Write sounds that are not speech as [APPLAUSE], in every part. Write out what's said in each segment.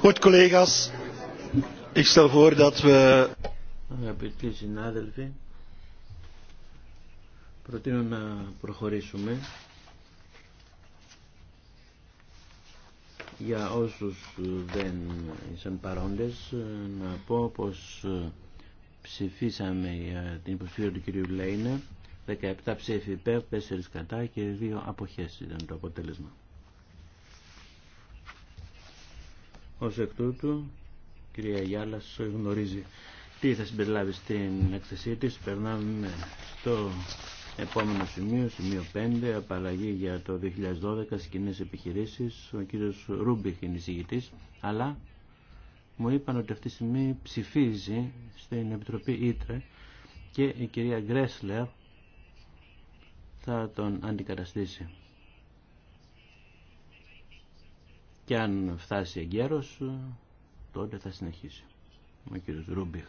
Goed, collega's. Ik stel voor dat we. προτείνω να προχωρήσουμε για όσους δεν ήσαν παρόντες να πω πως ε, ψηφίσαμε για την υποψηφία του κυρίου Λέινα 17 ψήφοι υπέρ, 4 κατά και 2 αποχές ήταν το αποτέλεσμα. Ως εκ τούτου, κυρία Γιάλας γνωρίζει τι θα συμπεριλάβει στην εκθεσή της. Περνάμε στο επόμενο σημείο, σημείο 5, απαλλαγή για το 2012, σκηνές επιχειρήσεις. Ο κύριος Ρούμπιχ είναι εισηγητής, αλλά μου είπαν ότι αυτή τη στιγμή ψηφίζει στην Επιτροπή Ήτρε και η κυρία Γκρέσλερ θα τον αντικαταστήσει. και αν φτάσει εγκαίρος τότε θα συνεχίσει ο κύριος Ρούμπιχ.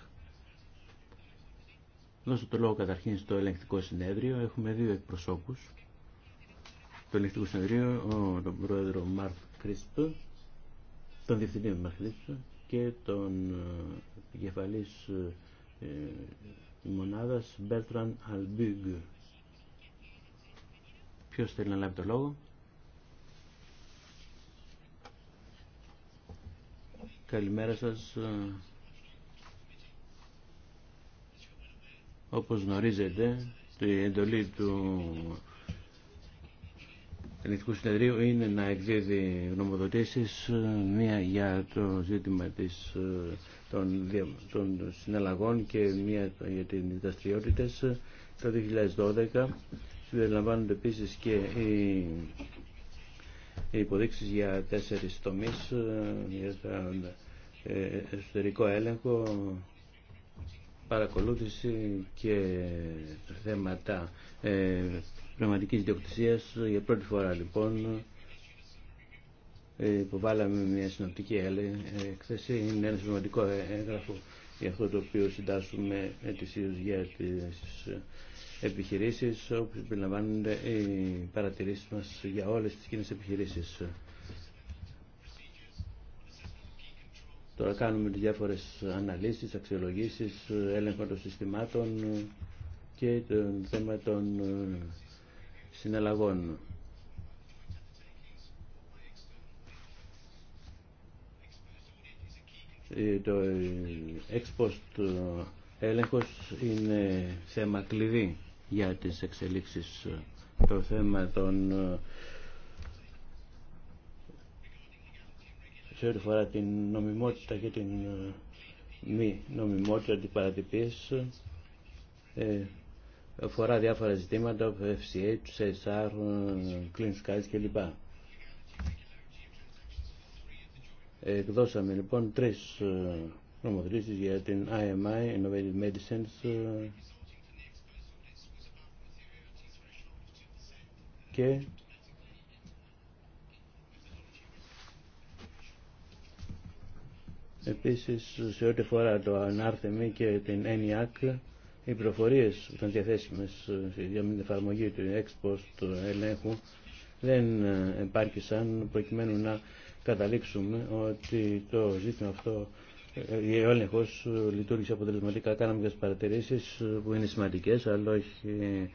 Δώσω το λόγο καταρχήν στο ελεγκτικό συνέδριο. Έχουμε δύο εκπροσώπους. Το ελεγκτικό συνέδριο, τον πρόεδρο Μάρκ Κρίστο, τον διευθυντή Μάρκ και τον κεφαλής ε, ε, ε μονάδας Μπέρτραν Αλμπίγκ. Ποιος θέλει να λάβει το λόγο. Καλημέρα σας. Όπως γνωρίζετε, η εντολή του Ελληνικού Συνεδρίου είναι να εκδίδει γνωμοδοτήσεις, μία για το ζήτημα της, των, των συναλλαγών και μία για τις δραστηριότητε. Το 2012 συμπεριλαμβάνονται επίσης και οι υποδείξεις για τέσσερις τομείς, ε, για ε, εσωτερικό έλεγχο, παρακολούθηση και θέματα ε, πνευματικής διοκτησίας. Για πρώτη φορά λοιπόν ε, υποβάλαμε μια συνοπτική έκθεση. Είναι ένα σημαντικό έγγραφο για αυτό το οποίο συντάσσουμε ετησίως για τις επιχειρήσεις όπου συμπεριλαμβάνονται οι παρατηρήσεις μας για όλες τις κοινές επιχειρήσεις. Τώρα κάνουμε διάφορες αναλύσεις, αξιολογήσεις, έλεγχο των συστημάτων και το θέμα των ε, συναλλαγών. Ε, το ε, ex έλεγχος είναι θέμα κλειδί για τις εξελίξεις το θέμα των ε, σε ό,τι φορά την νομιμότητα και την ε, μη νομιμότητα της παρατυπής ε, διάφορα ζητήματα FCA, FCH, CSR, Clean Skies κλπ. Εκδώσαμε λοιπόν τρεις ε, νομοθετήσεις για την IMI, Innovative Medicines και Επίσης, σε ό,τι φορά το ανάρθεμι και την ENIAC, οι προφορίες που ήταν διαθέσιμες για την εφαρμογή του έξπος του ελέγχου δεν επάρκησαν προκειμένου να καταλήξουμε ότι το ζήτημα αυτό η ε, έλεγχο λειτουργήσε αποτελεσματικά. Κάναμε και παρατηρήσεις που είναι σημαντικές, αλλά όχι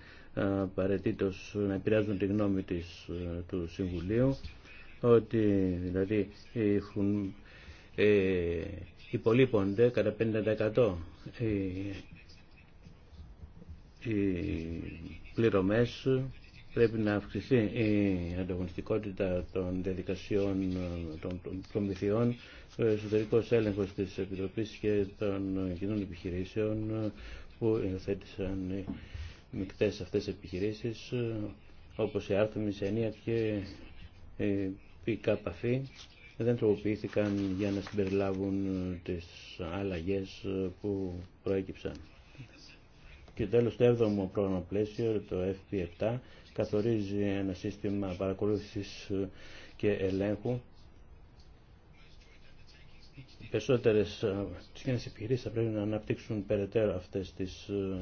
απαραίτητο να επηρεάζουν τη γνώμη της, ε, του Συμβουλίου ότι δηλαδή έχουν, ε, υπολείπονται κατά 50% οι, οι πληρωμές πρέπει να αυξηθεί η ανταγωνιστικότητα των διαδικασιών των προμηθειών, ο εσωτερικός έλεγχος της Επιτροπής και των κοινών επιχειρήσεων που υιοθέτησαν μικτές αυτές επιχειρήσεις ε, όπως η Artemis, η σενία και η ΚΑΠΑΦΗ δεν τροποποιήθηκαν για να συμπεριλάβουν ε, τις αλλαγές ε, που προέκυψαν. Και τέλος το 7ο πρόγραμμα πλαίσιο, το FP7, καθορίζει ένα σύστημα παρακολούθησης και ελέγχου οι περισσότερε ε, τις θα πρέπει να αναπτύξουν περαιτέρω αυτέ τι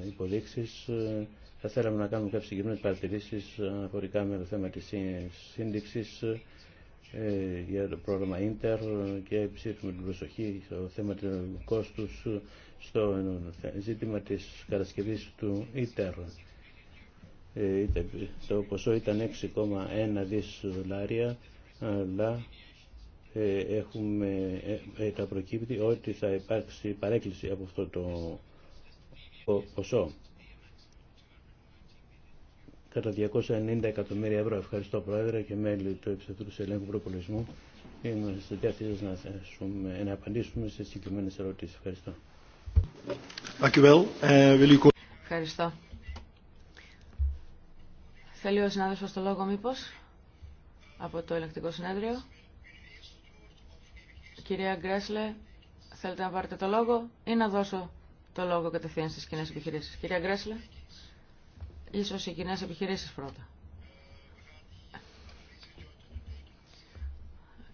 ε, υποδείξει. Ε, θα θέλαμε να κάνουμε κάποιε συγκεκριμένε παρατηρήσει αναφορικά με το θέμα τη σύνδεξη για το πρόγραμμα Ίντερ και με την προσοχή στο θέμα του κόστου στο ζήτημα τη κατασκευή του Ίντερ. Το ποσό ήταν 6,1 δις δολάρια αλλά ε, έχουμε, ε, ε, τα προκύπτει ότι θα υπάρξει παρέκκληση από αυτό το ποσό. Κατά 290 εκατομμύρια ευρώ. Ευχαριστώ Πρόεδρε και μέλη του Επιστατού του Ελέγχου Προπολισμού. Είμαστε να, να απαντήσουμε σε συγκεκριμένε ερωτήσει. Ευχαριστώ. Ευχαριστώ. Θέλει ο συνάδελφος το λόγο μήπω από το ελεκτικό συνέδριο. Κυρία Γκρέσλε, θέλετε να πάρετε το λόγο ή να δώσω το λόγο κατευθείαν στις κοινέ επιχειρήσεις. Κυρία Γκρέσλε, ίσως οι κοινέ επιχειρήσεις πρώτα.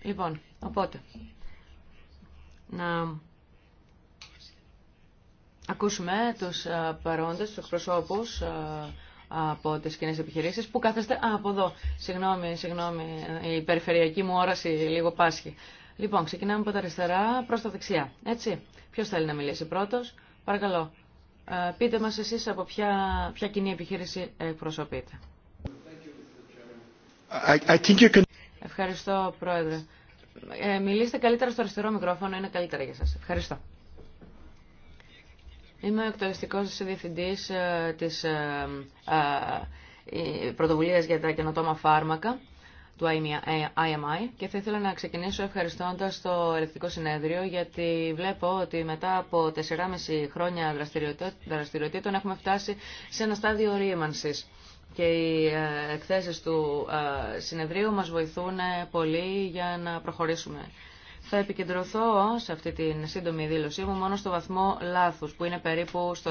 Λοιπόν, οπότε, να ακούσουμε τους παρόντες, τους εκπροσώπους από τις κοινέ επιχειρήσεις που κάθεστε... Α, από εδώ. Συγγνώμη, συγγνώμη, η περιφερειακή μου όραση λίγο πάσχει. Λοιπόν, ξεκινάμε από τα αριστερά προ τα δεξιά. Έτσι. Ποιο θέλει να μιλήσει πρώτο, Παρακαλώ. Ε, πείτε μα εσείς από ποια, κοινή επιχείρηση εκπροσωπείτε. Ευχαριστώ, Πρόεδρε. Ε, μιλήστε καλύτερα στο αριστερό μικρόφωνο, είναι καλύτερα για σας. Ευχαριστώ. Είμαι ο εκτελεστικός διευθυντής ε, της πρωτοβουλίας για τα καινοτόμα φάρμακα του IMI και θα ήθελα να ξεκινήσω ευχαριστώντας το Ελεκτικό Συνέδριο γιατί βλέπω ότι μετά από 4,5 χρόνια δραστηριοτήτων έχουμε φτάσει σε ένα στάδιο ρήμανσης και οι ε, εκθέσεις του ε, συνεδρίου μας βοηθούν πολύ για να προχωρήσουμε θα επικεντρωθώ σε αυτή την σύντομη δήλωσή μου μόνο στο βαθμό λάθους, που είναι περίπου στο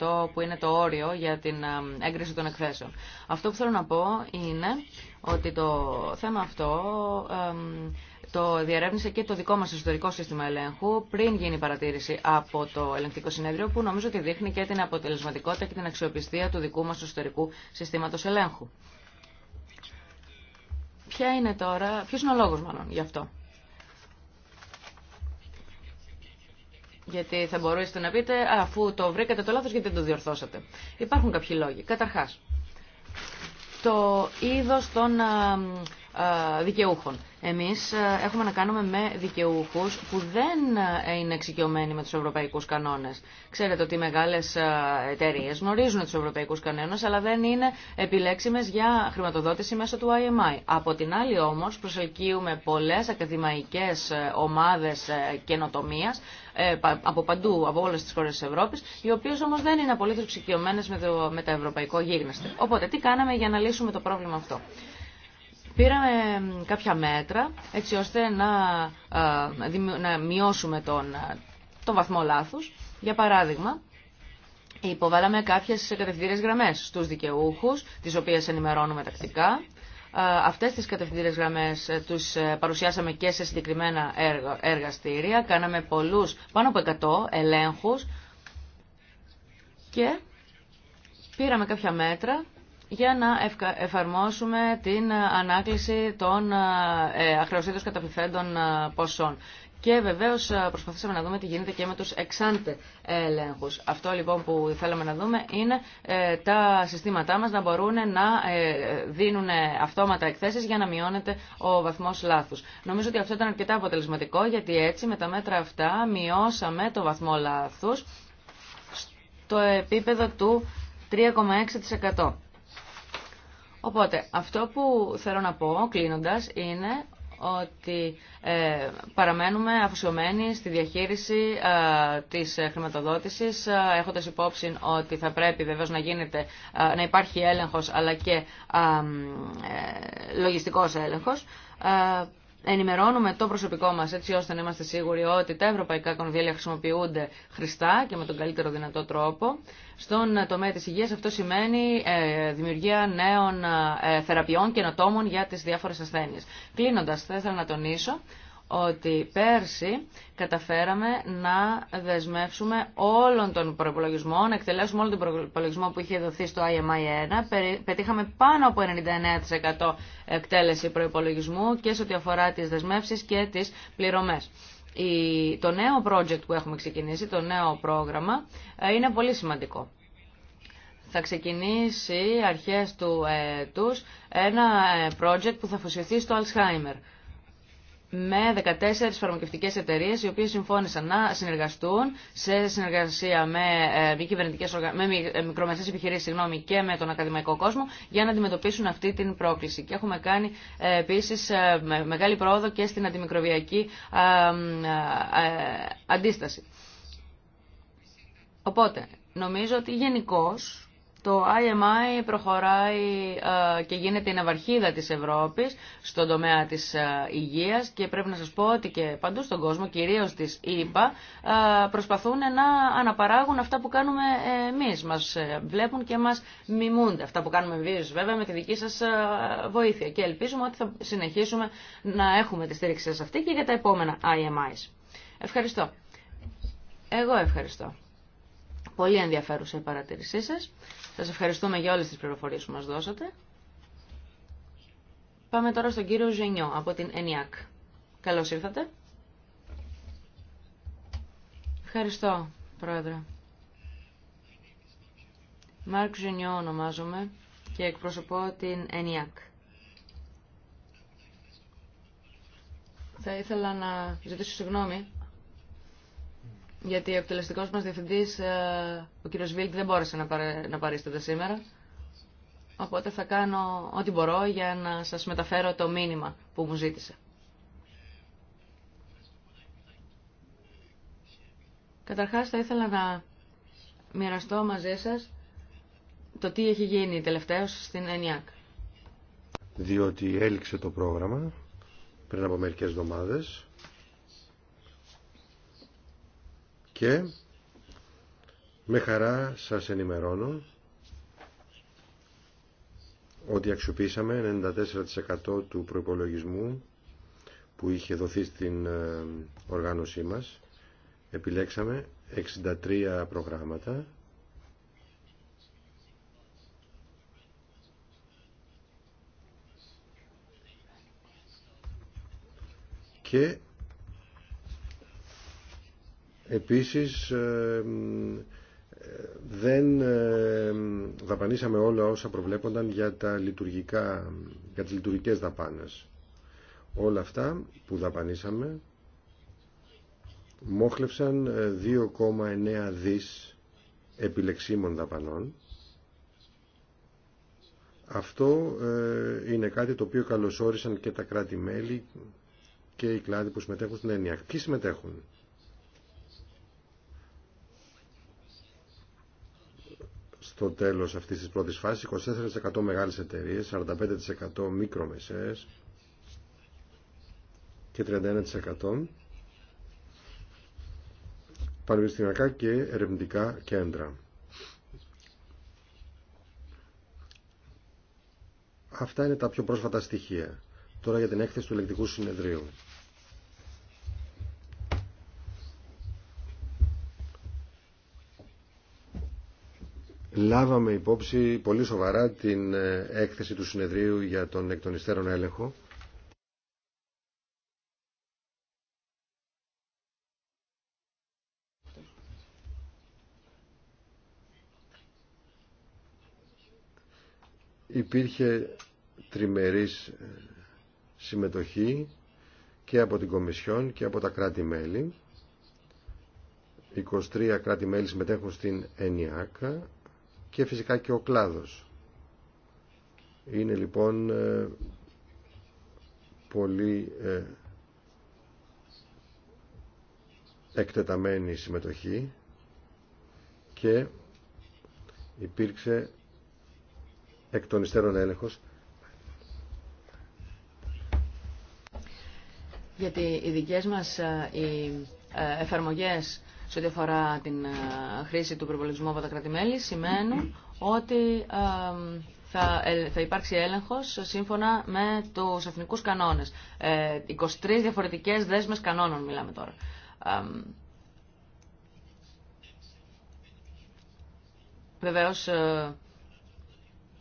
2% που είναι το όριο για την ε, έγκριση των εκθέσεων. Αυτό που θέλω να πω είναι ότι το θέμα αυτό το διερεύνησε και το δικό μας εσωτερικό σύστημα ελέγχου πριν γίνει παρατήρηση από το ελεγκτικό συνέδριο που νομίζω ότι δείχνει και την αποτελεσματικότητα και την αξιοπιστία του δικού μας εσωτερικού συστήματος ελέγχου. Ποια είναι τώρα, ποιος είναι ο λόγος μάλλον γι' αυτό. Γιατί θα μπορούσατε να πείτε, αφού το βρήκατε το λάθος, γιατί δεν το διορθώσατε. Υπάρχουν κάποιοι λόγοι. Καταρχάς, το είδος των δικαιούχων. Εμείς έχουμε να κάνουμε με δικαιούχους που δεν είναι εξοικειωμένοι με τους ευρωπαϊκούς κανόνες. Ξέρετε ότι οι μεγάλες εταιρείε γνωρίζουν τους ευρωπαϊκούς κανόνες, αλλά δεν είναι επιλέξιμες για χρηματοδότηση μέσω του IMI. Από την άλλη όμως προσελκύουμε πολλές ακαδημαϊκές ε, ομάδες ε, καινοτομίας, ε, από παντού, από όλε τι χώρες τη Ευρώπης, οι οποίε όμως δεν είναι απολύτως εξοικειωμένε με, το, με τα ευρωπαϊκό Οπότε, τι κάναμε για να λύσουμε το πρόβλημα αυτό. Πήραμε κάποια μέτρα έτσι ώστε να, ε, να μειώσουμε τον, ε, τον βαθμό λάθους. Για παράδειγμα, υποβάλαμε κάποιες κατευθυντήριες γραμμές στους δικαιούχους, τις οποίες ενημερώνουμε τακτικά. Ε, αυτές τις κατευθυντήρες γραμμές ε, τους ε, παρουσιάσαμε και σε συγκεκριμένα εργαστήρια. Κάναμε πολλούς, πάνω από 100 ελέγχους και πήραμε κάποια μέτρα για να εφαρμόσουμε την ανάκληση των αχρεωσίδων καταπληθέντων ποσών. Και βεβαίω προσπαθήσαμε να δούμε τι γίνεται και με του εξάντε ελέγχου. Αυτό λοιπόν που θέλαμε να δούμε είναι ε, τα συστήματά μα να μπορούν να ε, δίνουν αυτόματα εκθέσει για να μειώνεται ο βαθμό λάθου. Νομίζω ότι αυτό ήταν αρκετά αποτελεσματικό γιατί έτσι με τα μέτρα αυτά μειώσαμε το βαθμό λάθου στο επίπεδο του 3,6%. Οπότε, αυτό που θέλω να πω, κλείνοντας, είναι ότι ε, παραμένουμε αφοσιωμένοι στη διαχείριση ε, της χρηματοδότησης, ε, έχοντας υπόψη ότι θα πρέπει βεβαίως να, γίνεται, ε, να υπάρχει έλεγχος αλλά και λογιστικός έλεγχος ενημερώνουμε το προσωπικό μας έτσι ώστε να είμαστε σίγουροι ότι τα ευρωπαϊκά κονδύλια χρησιμοποιούνται χρηστά και με τον καλύτερο δυνατό τρόπο. Στον τομέα της υγείας αυτό σημαίνει ε, δημιουργία νέων ε, θεραπείων και για τις διάφορες ασθένειες. Κλείνοντας, θα ήθελα να τονίσω ότι πέρσι καταφέραμε να δεσμεύσουμε όλον τον προπολογισμό, να εκτελέσουμε όλον τον προπολογισμό που είχε δοθεί στο IMI1. Πετύχαμε πάνω από 99% εκτέλεση προπολογισμού και σε ό,τι αφορά τις δεσμεύσεις και τις πληρωμές. Το νέο project που έχουμε ξεκινήσει, το νέο πρόγραμμα, ε, είναι πολύ σημαντικό. Θα ξεκινήσει αρχές του έτους ένα ε, project που θα αφοσιωθεί στο Alzheimer με 14 φαρμακευτικές εταιρείες οι οποίες συμφώνησαν να συνεργαστούν σε συνεργασία με, ε, οργα... με ε, μικρομεσαίες επιχειρήσεις και με τον ακαδημαϊκό κόσμο για να αντιμετωπίσουν αυτή την πρόκληση. Και έχουμε κάνει ε, επίσης μεγάλη πρόοδο και στην αντιμικροβιακή αντίσταση. Οπότε, νομίζω ότι γενικώς το IMI προχωράει ε, και γίνεται η ναυαρχίδα της Ευρώπης στον τομέα της ε, υγείας και πρέπει να σας πω ότι και παντού στον κόσμο, κυρίως της ΕΠΑ, ε, προσπαθούν να αναπαράγουν αυτά που κάνουμε εμείς. Μας βλέπουν και μας μιμούνται. Αυτά που κάνουμε εμείς βέβαια με τη δική σας βοήθεια και ελπίζουμε ότι θα συνεχίσουμε να έχουμε τη στήριξη σας αυτή και για τα επόμενα IMIs. Ευχαριστώ. Εγώ ευχαριστώ. Πολύ ενδιαφέρουσα η παρατήρησή σας. Σας ευχαριστούμε για όλες τις πληροφορίες που μας δώσατε. Πάμε τώρα στον κύριο Ζενιό από την ΕΝΙΑΚ. Καλώς ήρθατε. Ευχαριστώ, Πρόεδρε. Μάρκ Ζενιό ονομάζομαι και εκπροσωπώ την ΕΝΙΑΚ. Θα ήθελα να ζητήσω συγγνώμη γιατί ο εκτελεστικό μας διευθυντή, ε, ο κύριο Βίλκ, δεν μπόρεσε να, παρε, να παρίσταται σήμερα. Οπότε θα κάνω ό,τι μπορώ για να σα μεταφέρω το μήνυμα που μου ζήτησε. Καταρχάς θα ήθελα να μοιραστώ μαζί σας το τι έχει γίνει τελευταίως στην ΕΝΙΑΚ. Διότι έληξε το πρόγραμμα πριν από μερικές εβδομάδες και με χαρά σας ενημερώνω ότι αξιοποιήσαμε 94% του προϋπολογισμού που είχε δοθεί στην ε, οργάνωσή μας. Επιλέξαμε 63 προγράμματα και Επίσης ε, ε, δεν ε, δαπανίσαμε όλα όσα προβλέπονταν για, τα λειτουργικά, για τις λειτουργικές δαπάνες. Όλα αυτά που δαπανίσαμε μόχλευσαν 2,9 δις επιλεξίμων δαπανών. Αυτό είναι κάτι το οποίο καλωσόρισαν και τα κράτη-μέλη και οι κλάδοι που συμμετέχουν στην ΕΝΙΑΚ. Ποιοι συμμετέχουν. Το τέλος αυτής της πρώτης φάσης, 24% μεγάλες εταιρείες, 45% μικρομεσαίες και 31% πανεπιστημιακά και ερευνητικά κέντρα. Αυτά είναι τα πιο πρόσφατα στοιχεία. Τώρα για την έκθεση του ελεκτικού συνεδρίου. λάβαμε υπόψη πολύ σοβαρά την ε, έκθεση του συνεδρίου για τον εκ των έλεγχο. Υπήρχε τριμερής ε, συμμετοχή και από την Κομισιόν και από τα κράτη-μέλη. 23 κράτη-μέλη συμμετέχουν στην ΕΝΙΑΚΑ και φυσικά και ο κλάδος. Είναι λοιπόν ε, πολύ ε, εκτεταμένη η συμμετοχή και υπήρξε εκ των υστέρων έλεγχος γιατί οι δικές μας ε, οι εφαρμογές σε ό,τι αφορά την ε, χρήση του προπολογισμού από τα κρατημέλη σημαίνουν ότι ε, θα, ε, θα υπάρξει έλεγχος σύμφωνα με τους εθνικούς κανόνες. 23 διαφορετικές δέσμες κανόνων μιλάμε τώρα. Βεβαίως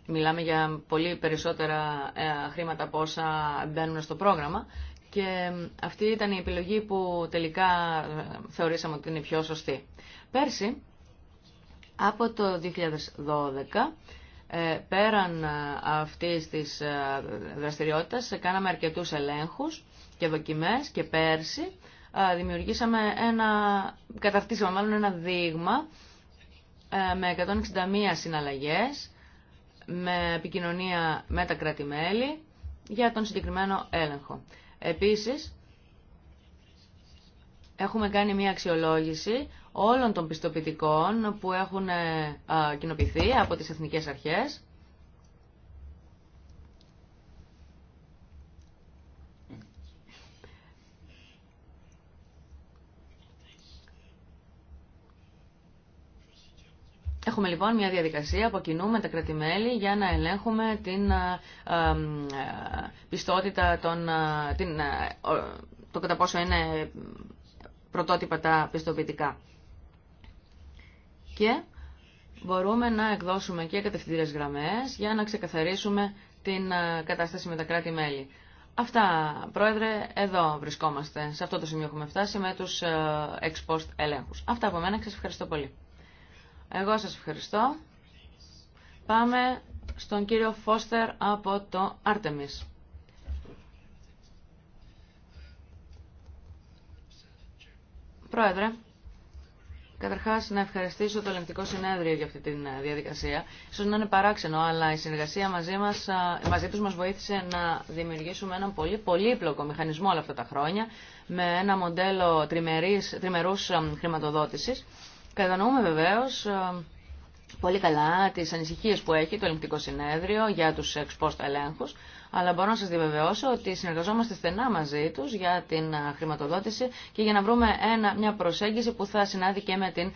μιλάμε για πολύ περισσότερα χρήματα από όσα μπαίνουν στο πρόγραμμα και αυτή ήταν η επιλογή που τελικά ε, θεωρήσαμε ότι είναι η πιο σωστή. Πέρσι, από το 2012, ε, πέραν ε, αυτής της δραστηριότητας, κάναμε αρκετούς ελέγχους και δοκιμές και πέρσι δημιουργήσαμε ένα, καταρτήσαμε μάλλον ένα δείγμα με 161 συναλλαγές, με επικοινωνία με τα κρατη για τον συγκεκριμένο έλεγχο. Επίσης, έχουμε κάνει μια αξιολόγηση όλων των πιστοποιητικών που έχουν ε, κοινοποιηθεί από τις εθνικές αρχές Έχουμε λοιπόν μια διαδικασία που κινούμε τα κρατημέλη για να ελέγχουμε την ε, ε, πιστότητα, των, ε, την, το κατά πόσο είναι πρωτότυπα τα πιστοποιητικά. Και μπορούμε να εκδώσουμε και κατευθυντήρες γραμμές για να ξεκαθαρίσουμε την κατάσταση με τα κράτη-μέλη. Αυτά, Πρόεδρε, εδώ βρισκόμαστε. Σε αυτό το σημείο έχουμε φτάσει με τους ex post ελέγχους. Αυτά από μένα και σας ευχαριστώ πολύ. Εγώ σας ευχαριστώ. Πάμε στον κύριο Φώστερ από το Artemis. Πρόεδρε, καταρχάς να ευχαριστήσω το Ελληνικό Συνέδριο για αυτή τη ε, διαδικασία. σω να είναι παράξενο, αλλά η συνεργασία μαζί, μας, μαζί τους μας βοήθησε να δημιουργήσουμε έναν πολύ πολύπλοκο μηχανισμό όλα αυτά τα χρόνια, με ένα μοντέλο τριμερούς χρηματοδότησης. Κατανοούμε βεβαίω ε, πολύ καλά τις ανησυχίες που έχει το Ελληνικό Συνέδριο για τους εξπόστα ελέγχου αλλά μπορώ να σας διαβεβαιώσω ότι συνεργαζόμαστε στενά μαζί τους για την χρηματοδότηση και για να βρούμε ένα, μια προσέγγιση που θα συνάδει και με την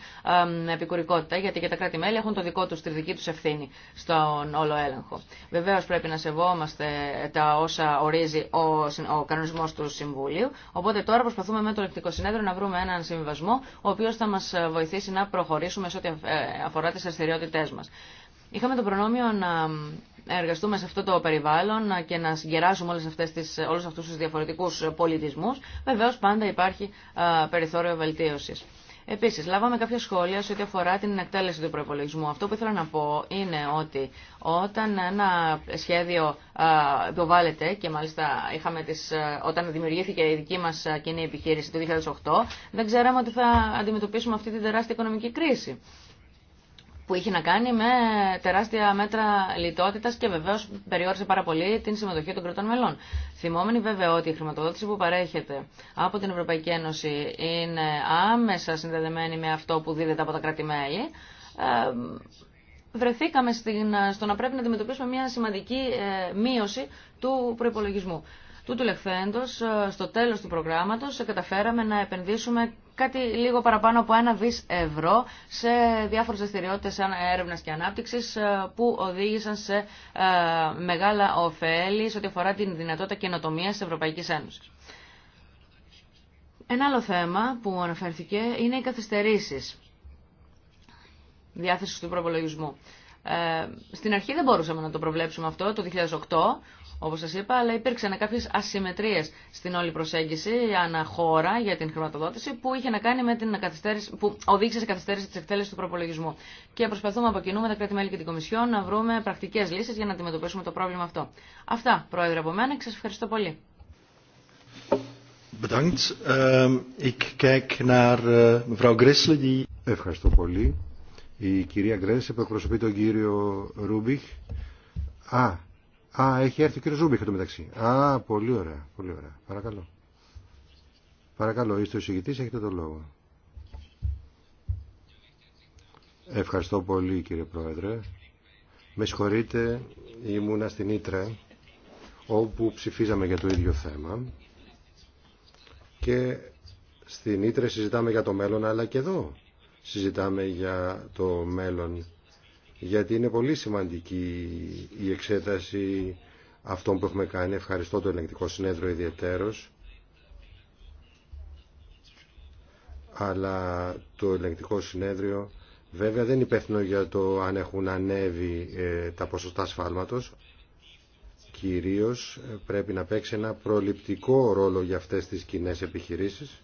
επικουρικότητα, γιατί και τα κράτη-μέλη έχουν το δικό τους, τη δική τους ευθύνη στον όλο έλεγχο. Βεβαίως πρέπει να σεβόμαστε τα όσα ορίζει ο, ο κανονισμός του Συμβουλίου, οπότε τώρα προσπαθούμε με το Ελεκτικό Συνέδριο να βρούμε έναν συμβιβασμό, ο οποίος θα μας βοηθήσει να προχωρήσουμε σε ό,τι ε, αφορά τις δραστηριότητές μας. Είχαμε το προνόμιο να εργαστούμε σε αυτό το περιβάλλον και να συγκεράσουμε όλες αυτές τις, όλους αυτούς τους διαφορετικούς πολιτισμούς. Βεβαίως πάντα υπάρχει περιθώριο βελτίωσης. Επίση, λάβαμε κάποια σχόλια σε ό,τι αφορά την εκτέλεση του προπολογισμού. Αυτό που ήθελα να πω είναι ότι όταν ένα σχέδιο υποβάλλεται, και μάλιστα είχαμε τις, όταν δημιουργήθηκε η δική μα κοινή επιχείρηση το 2008, δεν ξέραμε ότι θα αντιμετωπίσουμε αυτή την τεράστια οικονομική κρίση που είχε να κάνει με τεράστια μέτρα λιτότητα και βεβαίω περιόρισε πάρα πολύ την συμμετοχή των κρατών μελών. Θυμόμενοι βέβαια ότι η χρηματοδότηση που παρέχεται από την Ευρωπαϊκή Ένωση είναι άμεσα συνδεδεμένη με αυτό που δίδεται από τα κράτη-μέλη, ε, βρεθήκαμε στην, στο να πρέπει να αντιμετωπίσουμε μια σημαντική ε, μείωση του προπολογισμού. Τούτου λεχθέντος, ε, στο τέλος του προγράμματος καταφέραμε να επενδύσουμε κάτι λίγο παραπάνω από ένα δις ευρώ σε διάφορες δραστηριότητε έρευνας και ανάπτυξης ε, που οδήγησαν σε ε, μεγάλα ωφέλη σε ό,τι αφορά την δυνατότητα καινοτομίας της Ευρωπαϊκής Ένωσης. Ένα άλλο θέμα που αναφέρθηκε είναι οι καθυστερήσεις διάθεσης του προπολογισμού. Ε, στην αρχή δεν μπορούσαμε να το προβλέψουμε αυτό το 2008, όπως σας είπα, αλλά υπήρξαν κάποιες ασυμμετρίες στην όλη προσέγγιση ανά χώρα για την χρηματοδότηση που, είχε να κάνει με την που οδήγησε σε καθυστέρηση της εκτέλεσης του προπολογισμού. Και προσπαθούμε από κοινού με τα κράτη-μέλη και την Κομισιόν να βρούμε πρακτικές λύσεις για να αντιμετωπίσουμε το πρόβλημα αυτό. Αυτά, Πρόεδρε, από μένα και σας ευχαριστώ πολύ. Ehm, eh, ευχαριστώ πολύ η κυρία Γκρένς που τον κύριο Ρούμπιχ. Α, α, έχει έρθει ο κύριο Ρούμπιχ εδώ μεταξύ. Α, πολύ ωραία, πολύ ωραία. Παρακαλώ. Παρακαλώ, είστε ο συγητής, έχετε το λόγο. Ευχαριστώ πολύ κύριε Πρόεδρε. Με συγχωρείτε, ήμουνα στην Ήτρα, όπου ψηφίζαμε για το ίδιο θέμα και στην Ήτρα συζητάμε για το μέλλον, αλλά και εδώ συζητάμε για το μέλλον. Γιατί είναι πολύ σημαντική η εξέταση αυτών που έχουμε κάνει. Ευχαριστώ το ελεγκτικό συνέδριο ιδιαιτέρως. Αλλά το ελεγκτικό συνέδριο βέβαια δεν υπεύθυνο για το αν έχουν ανέβει ε, τα ποσοστά σφάλματος. Κυρίως ε, πρέπει να παίξει ένα προληπτικό ρόλο για αυτές τις κοινέ επιχειρήσεις.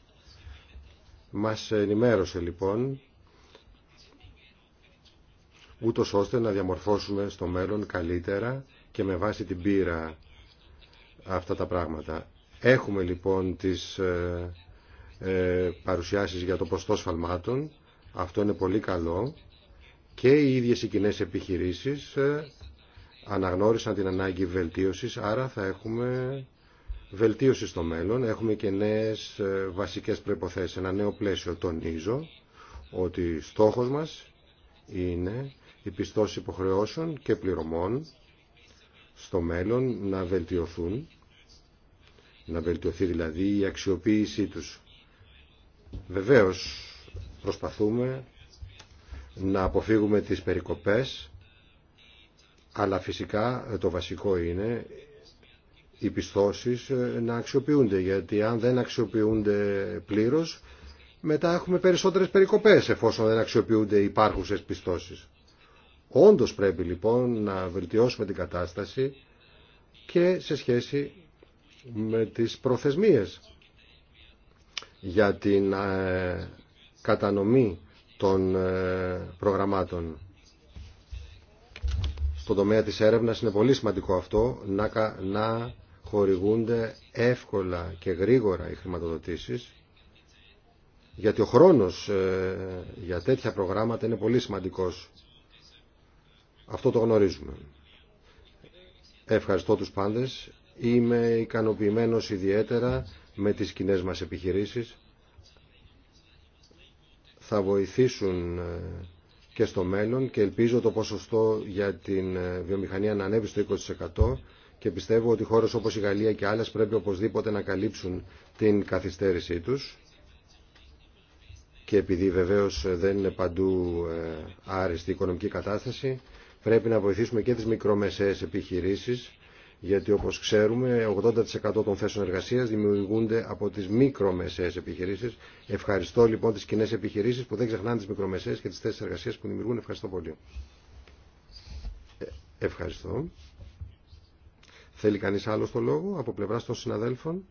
Μας ενημέρωσε λοιπόν ούτω ώστε να διαμορφώσουμε στο μέλλον καλύτερα και με βάση την πείρα αυτά τα πράγματα. Έχουμε λοιπόν τις ε, ε παρουσιάσεις για το ποστό σφαλμάτων. Αυτό είναι πολύ καλό. Και οι ίδιες οι κοινέ επιχειρήσεις ε, αναγνώρισαν την ανάγκη βελτίωσης, άρα θα έχουμε βελτίωση στο μέλλον. Έχουμε και νέες ε, βασικές προϋποθέσεις, ένα νέο πλαίσιο. Τονίζω ότι στόχος μας είναι οι πιστώσει υποχρεώσεων και πληρωμών στο μέλλον να βελτιωθούν, να βελτιωθεί δηλαδή η αξιοποίησή τους. Βεβαίως προσπαθούμε να αποφύγουμε τις περικοπές, αλλά φυσικά το βασικό είναι οι πιστώσεις να αξιοποιούνται, γιατί αν δεν αξιοποιούνται πλήρως, μετά έχουμε περισσότερες περικοπές εφόσον δεν αξιοποιούνται υπάρχουσες πιστώσεις. Όντως πρέπει λοιπόν να βελτιώσουμε την κατάσταση και σε σχέση με τις προθεσμίες για την ε, κατανομή των ε, προγραμμάτων. Στον τομέα της έρευνας είναι πολύ σημαντικό αυτό να χορηγούνται εύκολα και γρήγορα οι χρηματοδοτήσεις γιατί ο χρόνος ε, για τέτοια προγράμματα είναι πολύ σημαντικός. Αυτό το γνωρίζουμε. Ευχαριστώ τους πάντες. Είμαι ικανοποιημένος ιδιαίτερα με τις κοινέ μας επιχειρήσεις. Θα βοηθήσουν ε, και στο μέλλον και ελπίζω το ποσοστό για την ε, βιομηχανία να ανέβει στο 20% και πιστεύω ότι χώρες όπως η Γαλλία και άλλες πρέπει οπωσδήποτε να καλύψουν την καθυστέρησή τους και επειδή βεβαίως δεν είναι παντού ε, άριστη η οικονομική κατάσταση Πρέπει να βοηθήσουμε και τις μικρομεσαίες επιχειρήσεις, γιατί όπως ξέρουμε 80% των θέσεων εργασίας δημιουργούνται από τις μικρομεσαίες επιχειρήσεις. Ευχαριστώ λοιπόν τις κοινέ επιχειρήσεις που δεν ξεχνάνε τις μικρομεσαίες και τις θέσεις εργασίας που δημιουργούν. Ευχαριστώ πολύ. Ε, ευχαριστώ. Θέλει κανείς άλλο το λόγο από πλευράς των συναδέλφων.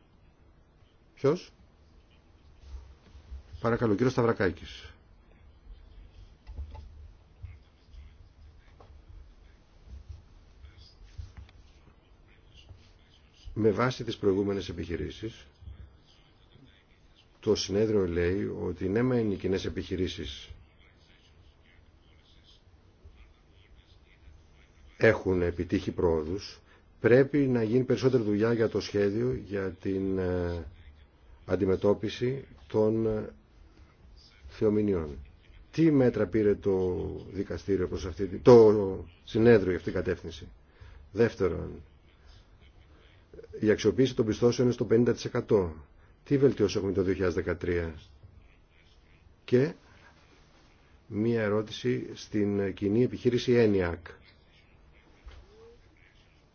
Ποιος? Παρακαλώ, κύριο Σταυρακάκης. με βάση τις προηγούμενες επιχειρήσεις το συνέδριο λέει ότι ναι μεν οι κοινέ επιχειρήσεις έχουν επιτύχει πρόοδους πρέπει να γίνει περισσότερη δουλειά για το σχέδιο για την ε, αντιμετώπιση των ε, θεομηνιών. Τι μέτρα πήρε το δικαστήριο προς αυτή, το συνέδριο για αυτή την κατεύθυνση. Δεύτερον, η αξιοποίηση των πιστώσεων είναι στο 50%. Τι βελτιώσει έχουμε το 2013. Και μία ερώτηση στην κοινή επιχείρηση ENIAC.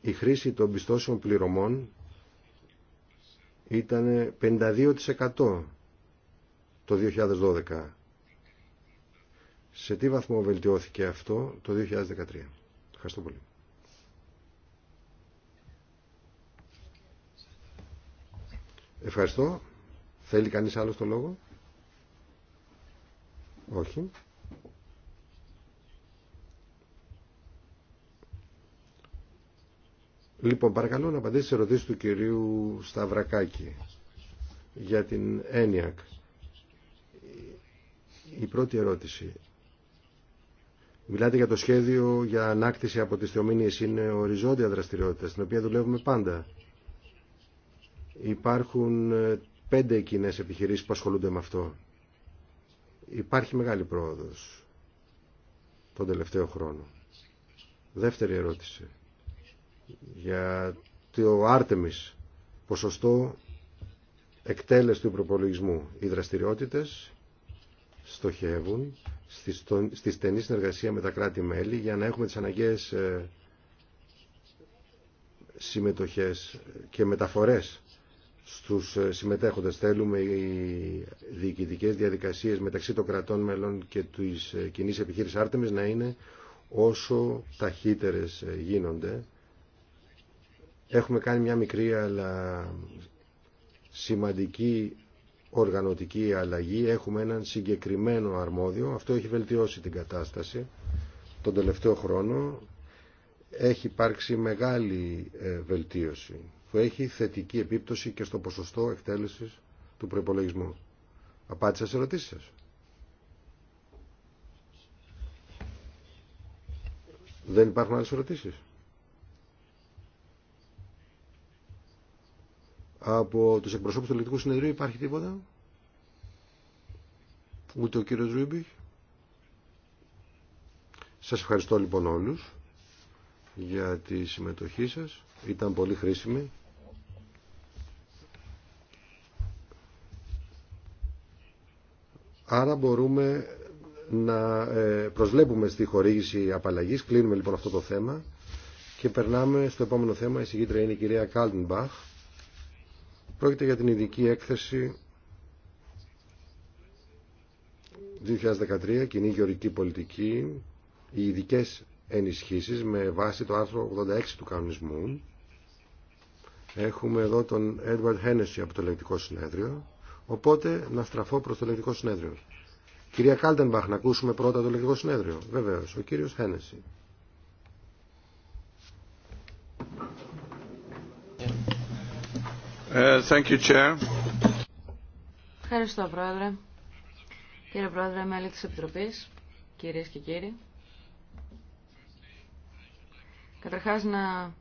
Η χρήση των πιστώσεων πληρωμών ήταν 52% το 2012. Σε τι βαθμό βελτιώθηκε αυτό το 2013. Ευχαριστώ πολύ. Ευχαριστώ. Θέλει κανείς άλλο το λόγο. Όχι. Λοιπόν, παρακαλώ να απαντήσει σε ερωτήσεις του κυρίου Σταυρακάκη για την ΕΝΙΑΚ. Η πρώτη ερώτηση. Μιλάτε για το σχέδιο για ανάκτηση από τις θεομήνιες είναι οριζόντια δραστηριότητα, στην οποία δουλεύουμε πάντα. Υπάρχουν ε, πέντε κοινέ επιχειρήσεις που ασχολούνται με αυτό. Υπάρχει μεγάλη πρόοδος τον τελευταίο χρόνο. Δεύτερη ερώτηση. Για το Άρτεμις, ποσοστό εκτέλεση του προπολογισμού. Οι δραστηριότητες στοχεύουν στη στενή συνεργασία με τα κράτη-μέλη για να έχουμε τις αναγκαίες ε, συμμετοχές και μεταφορές στους ε, συμμετέχοντες. Θέλουμε οι διοικητικές διαδικασίες μεταξύ των κρατών μελών και της ε, κοινής επιχείρησης Άρτεμις να είναι όσο ταχύτερες ε, γίνονται. Έχουμε κάνει μια μικρή αλλά σημαντική οργανωτική αλλαγή. Έχουμε έναν συγκεκριμένο αρμόδιο. Αυτό έχει βελτιώσει την κατάσταση τον τελευταίο χρόνο. Έχει υπάρξει μεγάλη βελτίωση που έχει θετική επίπτωση και στο ποσοστό εκτέλεσης του προϋπολογισμού. Απάντησα σε ερωτήσεις σας. Δεν υπάρχουν άλλες ερωτήσεις. Από τους εκπροσώπους του Ελληνικού Συνεδρίου υπάρχει τίποτα. Ούτε ο κύριος Ρούμπιχ. Σας ευχαριστώ λοιπόν όλους για τη συμμετοχή σας. Ήταν πολύ χρήσιμη. Άρα μπορούμε να ε, προσβλέπουμε στη χορήγηση απαλλαγής. Κλείνουμε λοιπόν αυτό το θέμα και περνάμε στο επόμενο θέμα. Η συγκίτρια είναι η κυρία Κάλτινμπαχ. Πρόκειται για την ειδική έκθεση 2013, κοινή γεωρική πολιτική, οι ειδικέ ενισχύσεις με βάση το άρθρο 86 του κανονισμού. Έχουμε εδώ τον Edward Χένεση από το Ελεκτικό Συνέδριο Οπότε να στραφώ προς το ελεγκτικό συνέδριο. Κυρία Κάλτενμπαχ, να ακούσουμε πρώτα το ελεγκτικό συνέδριο. Βεβαίως, ο κύριος Χένεση. Ε, thank you, Chair. Ευχαριστώ, Πρόεδρε. Κύριε Πρόεδρε, μέλη της Επιτροπής, κυρίες και κύριοι. Καταρχάς, να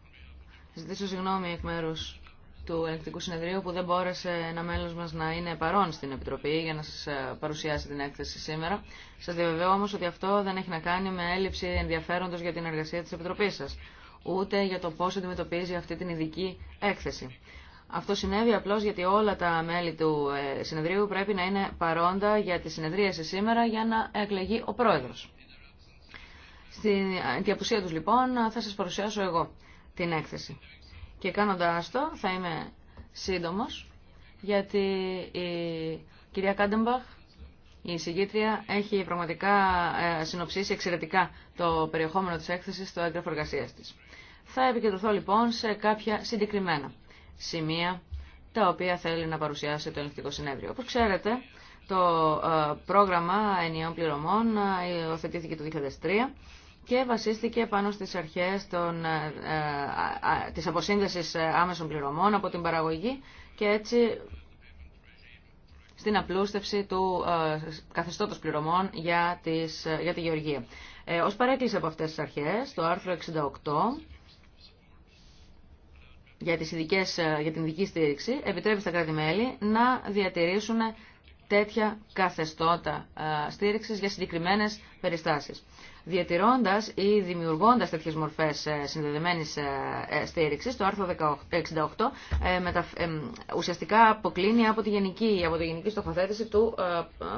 ζητήσω συγγνώμη εκ μέρους του Ελεκτικού Συνεδρίου που δεν μπόρεσε ένα μέλος μας να είναι παρόν στην Επιτροπή για να σας ε, παρουσιάσει την έκθεση σήμερα. Σας διαβεβαιώ όμως ότι αυτό δεν έχει να κάνει με έλλειψη ενδιαφέροντος για την εργασία της Επιτροπής σας, ούτε για το πώς αντιμετωπίζει αυτή την ειδική έκθεση. Αυτό συνέβη απλώ γιατί όλα τα μέλη του ε, συνεδρίου πρέπει να είναι παρόντα για τη συνεδρίαση σήμερα για να εκλεγεί ο πρόεδρο. Στην διαποσία ε, του λοιπόν θα σα παρουσιάσω εγώ την έκθεση. Και κάνοντας το θα είμαι σύντομος γιατί η κυρία Κάντεμπαχ η συγγήτρια έχει πραγματικά ε, συνοψίσει εξαιρετικά το περιεχόμενο της έκθεσης στο έγγραφο εργασία της. Θα επικεντρωθώ λοιπόν σε κάποια συγκεκριμένα σημεία τα οποία θέλει να παρουσιάσει το Ελληνικό Συνέδριο. Όπως ξέρετε, το ε, πρόγραμμα ενιαίων πληρωμών ε, υιοθετήθηκε το 2003 και βασίστηκε πάνω στις αρχές των, ε, ε, της αποσύνδεσης ε, άμεσων πληρωμών από την παραγωγή και έτσι στην απλούστευση του καθεστώτος πληρωμών για, για τη Γεωργία. Ε, ως παρέκκληση από αυτές τις αρχές, το άρθρο 68 για, τις για την ειδική στήριξη επιτρέπει στα κράτη-μέλη να διατηρήσουν τέτοια καθεστώτα στήριξης για συγκεκριμένες περιστάσεις. Διατηρώντας ή δημιουργώντας τέτοιες μορφές ε, συνδεδεμένης ε, ε, στήριξης, το άρθρο 68 ουσιαστικά αποκλίνει από, τη γενική, από τη γενική στοχοθέτηση του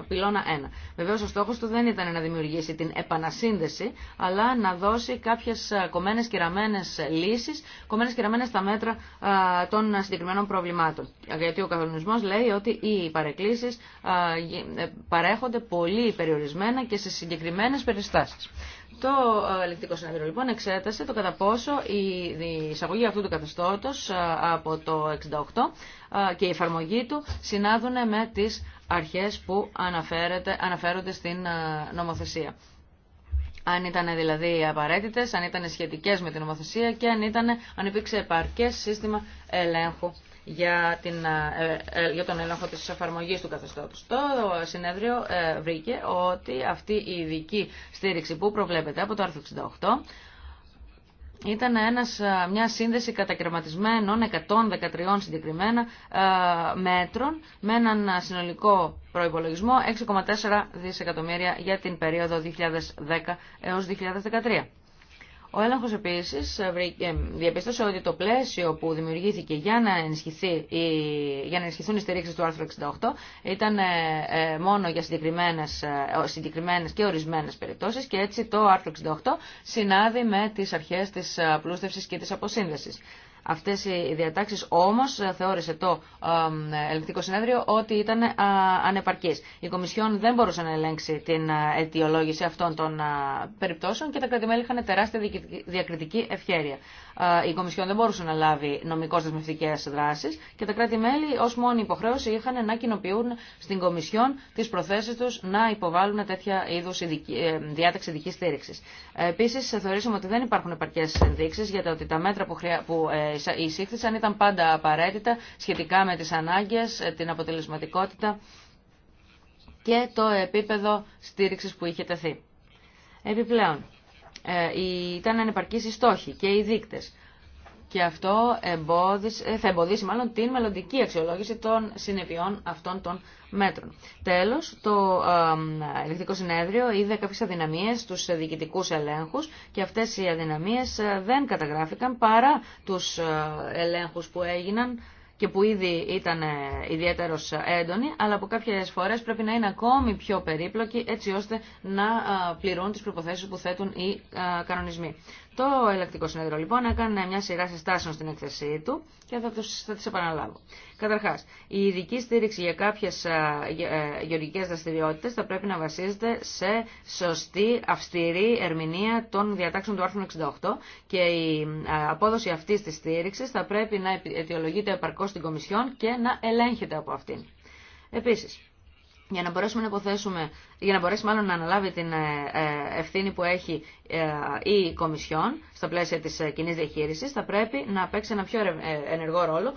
πυλώνα 1. Βεβαίως ο στόχος του δεν ήταν να δημιουργήσει την επανασύνδεση, αλλά να δώσει κάποιες κομμένες και ραμμένες λύσεις, κομμένες και ραμμένες στα μέτρα των συγκεκριμένων προβλημάτων. Γιατί ο κανονισμός λέει ότι οι παρεκκλήσεις παρέχονται πολύ περιορισμένα και σε συγκεκριμένα συγκεκριμένε περιστάσει. Το ε, ελεκτικό συνέδριο λοιπόν εξέτασε το κατά πόσο η εισαγωγή αυτού του καθεστώτο ε, από το 1968 ε, και η εφαρμογή του συνάδουν με τι αρχέ που αναφέρονται στην νομοθεσία. Αν ήταν δηλαδή απαραίτητε, αν ήταν σχετικέ με την νομοθεσία και αν, ήταν, αν υπήρξε επαρκέ σύστημα ελέγχου για, την, ε, ε, για τον έλεγχο της εφαρμογής του καθεστώτος. Το συνέδριο ε, βρήκε ότι αυτή η ειδική στήριξη που προβλέπεται από το άρθρο 68 ήταν ένας, μια σύνδεση κατακρεματισμένων 113 συγκεκριμένα μέτρων με έναν συνολικό προϋπολογισμό 6,4 δισεκατομμύρια για την περίοδο 2010 έως 2013. Ο έλεγχο επίση διαπίστωσε ότι το πλαίσιο που δημιουργήθηκε για να, ενισχυθεί, για να ενισχυθούν οι στηρίξει του άρθρου 68 ήταν ε, ε, μόνο για συγκεκριμένε ε, και ορισμένε περιπτώσει και έτσι το άρθρο 68 συνάδει με τι αρχέ τη πλούστευση και τη αποσύνδεση. Αυτές οι διατάξεις όμως ε, θεώρησε το ελεγκτικό συνέδριο ότι ήταν ε, ανεπαρκής. Η Κομισιόν δεν μπορούσε να ελέγξει την ε, αιτιολόγηση αυτών των περιπτώσεων και τα κρατημέλη είχαν τεράστια διακριτική ευχέρεια. Η Κομισιόν δεν μπορούσε να λάβει νομικώς δεσμευτικές δράσεις και τα κράτη-μέλη ως μόνη υποχρέωση είχαν να κοινοποιούν στην Κομισιόν τις προθέσεις τους να υποβάλουν τέτοια είδους διάταξη ειδική στήριξη. Επίσης, θεωρήσαμε ότι δεν υπάρχουν επαρκές ενδείξεις για ότι τα μέτρα που ε, εισήχθησαν ήταν πάντα απαραίτητα σχετικά με τις ανάγκες, ε, την αποτελεσματικότητα και το επίπεδο στήριξης που είχε τεθεί. Επιπλέον, ε, ήταν ανεπαρκείς οι στόχοι και οι δείκτες και αυτό ε, θα εμποδίσει μάλλον την μελλοντική αξιολόγηση των συνεπειών αυτών των μέτρων. Τέλος, το ελεκτικό συνέδριο είδε κάποιες αδυναμίες στους διοικητικούς ελέγχους και αυτές οι αδυναμίες ε, δεν καταγράφηκαν παρά τους ε, ελέγχους που έγιναν και που ήδη ήταν ιδιαίτερο έντονη, αλλά που κάποιε φορέ πρέπει να είναι ακόμη πιο περίπλοκοι έτσι ώστε να πληρούν τι προποθέσει που θέτουν οι κανονισμοί. Το ελεκτικό συνέδριο λοιπόν έκανε μια σειρά συστάσεων στην έκθεσή του και θα, το θα τις επαναλάβω. Καταρχάς, η ειδική στήριξη για κάποιες ε, γεωργικές δραστηριότητες θα πρέπει να βασίζεται σε σωστή, αυστηρή ερμηνεία των διατάξεων του άρθρου 68 και η απόδοση αυτής της στήριξης θα πρέπει να αιτιολογείται επαρκώς στην Κομισιόν και να ελέγχεται από αυτήν. Επίσης, για να μπορέσουμε να υποθέσουμε, για να μπορέσει μάλλον να αναλάβει την ε, ε, ευθύνη που έχει ε, η Κομισιόν στα πλαίσια της κοινή διαχείρισης, θα πρέπει να παίξει ένα πιο ενεργό ρόλο,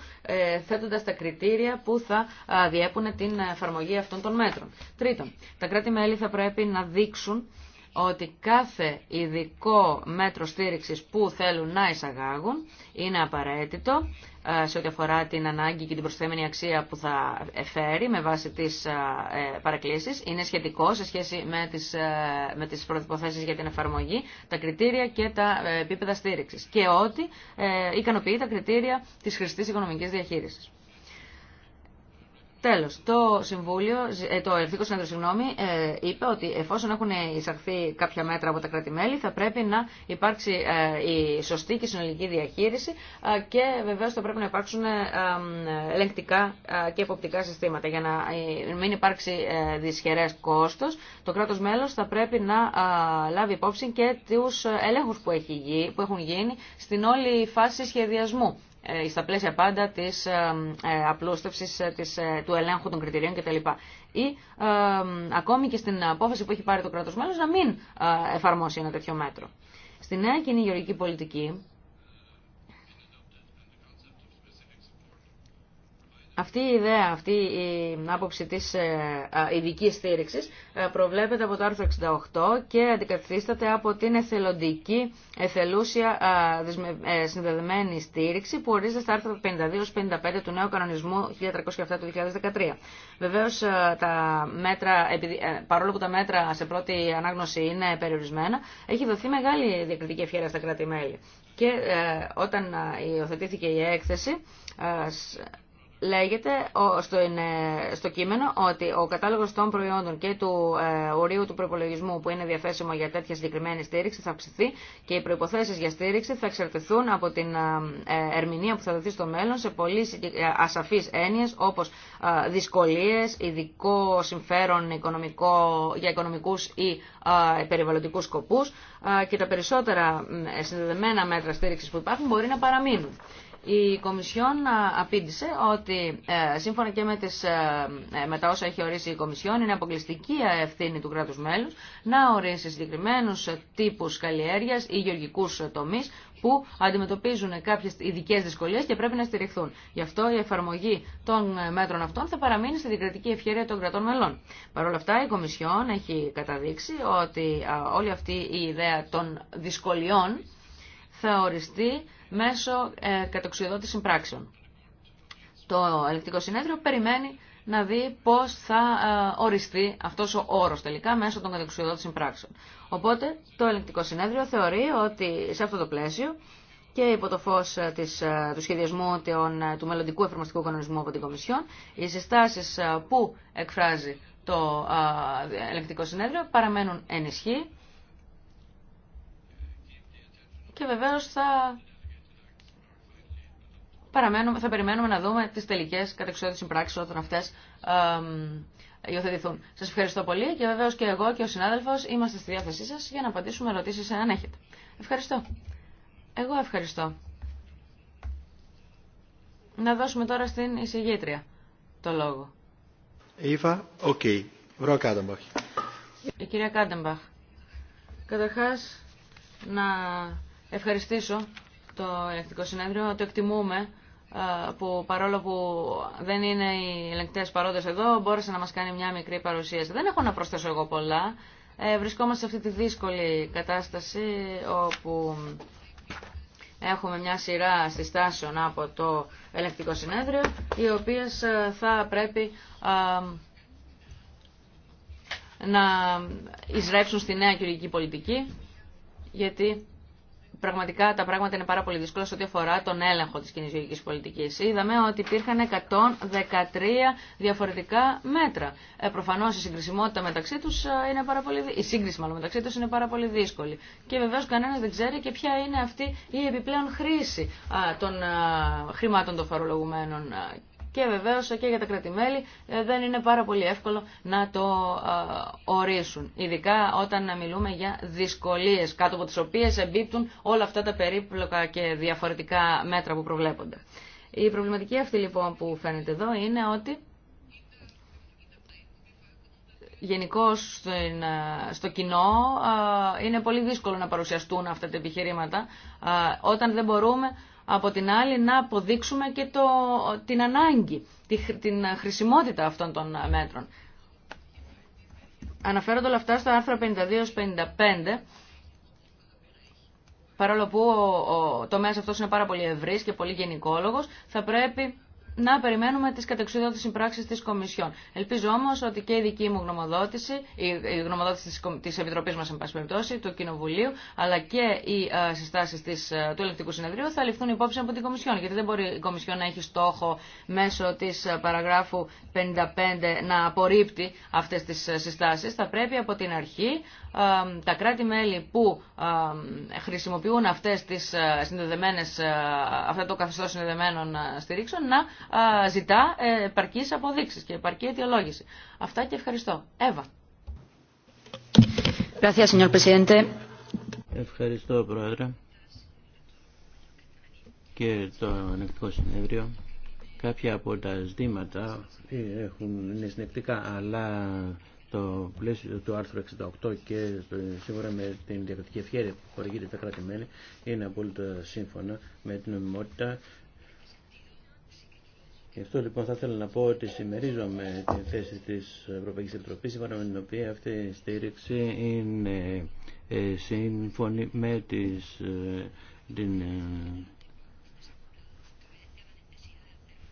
θέτοντας τα κριτήρια που θα διέπουν την εφαρμογή αυτών των μέτρων. Τρίτον, τα κράτη-μέλη θα πρέπει να δείξουν ότι κάθε ειδικό μέτρο στήριξης που θέλουν να εισαγάγουν είναι απαραίτητο ε, σε ό,τι αφορά την ανάγκη και την προσθέμενη αξία που θα φέρει με βάση τις ε, ε, παρακλήσεις. Είναι σχετικό σε σχέση με τις, με τις προϋποθέσεις για την εφαρμογή, τα κριτήρια και τα επίπεδα στήριξης και ότι ικανοποιεί τα κριτήρια της χρηστής οικονομικής διαχείρισης. Τέλος, το Συμβούλιο, ε, το Συνέδριο, ε, είπε ότι εφόσον έχουν εισαχθεί κάποια μέτρα από τα κράτη-μέλη, θα πρέπει να υπάρξει ε, η σωστή και συνολική διαχείριση και βεβαίως θα πρέπει να υπάρξουν ελεγκτικά και εποπτικά συστήματα. Για να μην υπάρξει δυσχερές κόστος, το κράτος μέλος θα πρέπει να λάβει υπόψη και τους ελέγχους που έχουν γίνει στην όλη φάση σχεδιασμού ε, στα πλαίσια πάντα της ε, ε, απλούστευσης της, του ελέγχου των κριτηρίων κτλ. Ή ακόμη και στην απόφαση που έχει πάρει το κράτος μέλος να μην εφαρμόσει ένα τέτοιο μέτρο. Στη νέα κοινή γεωργική πολιτική Αυτή η ιδέα, αυτή η άποψη της ε, ειδική στήριξης ε, προβλέπεται από το άρθρο 68 και αντικαθίσταται από την εθελοντική, εθελούσια ε, συνδεδεμένη στήριξη που ορίζεται στα άρθρα 52-55 του νέου κανονισμού 1307 του 2013. Βεβαίως, τα μέτρα, παρόλο που τα μέτρα σε πρώτη ανάγνωση είναι περιορισμένα, έχει δοθεί μεγάλη διακριτική ευχαίρεια στα κράτη-μέλη. Και όταν υιοθετήθηκε η έκθεση, Λέγεται στο, στο κείμενο ότι ο κατάλογος των προϊόντων και του ε, ορίου του προπολογισμού που είναι διαθέσιμο για τέτοια συγκεκριμένη στήριξη θα αυξηθεί και οι προϋποθέσεις για στήριξη θα εξαρτηθούν από την ε, ε ερμηνεία που θα δοθεί στο μέλλον σε πολύ ε, ασαφείς έννοιες όπως ε, δυσκολίες, ειδικό συμφέρον οικονομικό, για οικονομικούς ή ε, περιβαλλοντικούς σκοπούς ε, και τα περισσότερα συνδεδεμένα μέτρα στήριξης που υπάρχουν μπορεί να παραμείνουν. Η Κομισιόν ε, απήντησε ότι ε, σύμφωνα και με, τις, ε, με τα όσα έχει ορίσει η Κομισιόν είναι αποκλειστική ευθύνη του κράτους μέλους να ορίσει συγκεκριμένους τύπους καλλιέργειας ή γεωργικούς τομείς που αντιμετωπίζουν κάποιες ειδικές δυσκολίες και πρέπει να στηριχθούν. Γι' αυτό η εφαρμογή των μέτρων αυτών θα παραμείνει στη δικρατική ευχαίρεια των κρατών μελών. Παρ' όλα αυτά η Κομισιόν έχει καταδείξει ότι όλη αυτή η ιδέα των δυσκολιών θα οριστεί μέσω ε, συμπράξεων. Το ελεκτικό συνέδριο περιμένει να δει πώς θα ε, οριστεί αυτός ο όρος τελικά μέσω των κατεξουδότων συμπράξεων. Οπότε το Ελεκτικό συνέδριο θεωρεί ότι σε αυτό το πλαίσιο και υπό το φως ε, της, ε, του σχεδιασμού του μελλοντικού εφαρμοστικού κανονισμού από την Κομισιόν, οι συστάσεις που εκφράζει το Ελεκτικό συνέδριο παραμένουν ενισχύ και βεβαίως θα, παραμένουμε, θα περιμένουμε να δούμε τις τελικές κατεξοδότητες συμπράξεις όταν αυτές υιοθετηθούν. Σας ευχαριστώ πολύ και βεβαίως και εγώ και ο συνάδελφος είμαστε στη διάθεσή σας για να απαντήσουμε ερωτήσεις αν έχετε. Ευχαριστώ. Εγώ ευχαριστώ. Να δώσουμε τώρα στην εισηγήτρια το λόγο. οκ. Βρω Κάντεμπαχ. Η κυρία Κάντεμπαχ. Καταρχάς, να ευχαριστήσω το ελεκτικό συνέδριο. Το εκτιμούμε ε, που παρόλο που δεν είναι οι ελεγκτέ παρόντε εδώ, μπόρεσε να μα κάνει μια μικρή παρουσίαση. Δεν έχω να προσθέσω εγώ πολλά. Ε, βρισκόμαστε σε αυτή τη δύσκολη κατάσταση όπου έχουμε μια σειρά συστάσεων από το ελεκτικό συνέδριο, οι οποίες ε, θα πρέπει να εισρέψουν στη νέα κυριακή πολιτική, γιατί πραγματικά τα πράγματα είναι πάρα πολύ δύσκολα σε ό,τι αφορά τον έλεγχο της κοινή πολιτική. πολιτικής. Είδαμε ότι υπήρχαν 113 διαφορετικά μέτρα. Ε, προφανώς η συγκρισιμότητα μεταξύ τους ε, είναι πάρα πολύ, η σύγκριση μεταξύ τους είναι πάρα πολύ δύσκολη. Και βεβαίως κανένας δεν ξέρει και ποια είναι αυτή η επιπλέον χρήση ε, των ε, χρημάτων των φορολογουμένων και βεβαίω και για τα κρατημέλη ε, δεν είναι πάρα πολύ εύκολο να το ε, ορίσουν. Ειδικά όταν μιλούμε για δυσκολίε κάτω από τις οποίες εμπίπτουν όλα αυτά τα περίπλοκα και διαφορετικά μέτρα που προβλέπονται. Η προβληματική αυτή λοιπόν που φαίνεται εδώ είναι ότι Γενικώ ε, στο κοινό είναι πολύ δύσκολο να παρουσιαστούν αυτά τα επιχειρήματα όταν δεν μπορούμε από την άλλη να αποδείξουμε και το, την ανάγκη, την χρησιμότητα αυτών των μέτρων. Αναφέρονται όλα αυτά στο άρθρο 52-55, παρόλο που ο, ο αυτός είναι πάρα πολύ ευρύς και πολύ γενικόλογος, θα πρέπει να περιμένουμε τις κατεξοδότητε συμπράξει τη Κομισιόν. Ελπίζω όμω ότι και η δική μου γνωμοδότηση, η γνωμοδότηση τη Επιτροπής μα εν πάση περιπτώσει, του Κοινοβουλίου, αλλά και οι ε, συστάσει ε, του Ελεκτικού Συνεδρίου θα ληφθούν υπόψη από την Κομισιόν, γιατί δεν μπορεί η Κομισιόν να έχει στόχο μέσω τη ε, παραγράφου 55 να απορρίπτει αυτέ τι συστάσει. Θα πρέπει από την αρχή τα κράτη-μέλη που χρησιμοποιούν αυτές τις ε, συνδεδεμένες, ε, αυτό το καθεστώς συνδεδεμένων ε, στηρίξεων να ζητά επαρκείς αποδείξεις και επαρκή αιτιολόγηση. Αυτά και ευχαριστώ. Εύα. Ευχαριστώ, Πρόεδρε και το ανεκτικό συνέδριο. Κάποια από τα ζητήματα έχουν, είναι συνεκτικά, αλλά το πλαίσιο του άρθρου 68 και σίγουρα με την διακριτική ευχαίρεια που χορηγείται τα κρατη είναι απόλυτα σύμφωνα με την νομιμότητα. και αυτό λοιπόν θα ήθελα να πω ότι συμμερίζομαι την θέση της Ευρωπαϊκής Επιτροπής σύμφωνα με την οποία αυτή η στήριξη είναι ε, σύμφωνη με τις, ε, την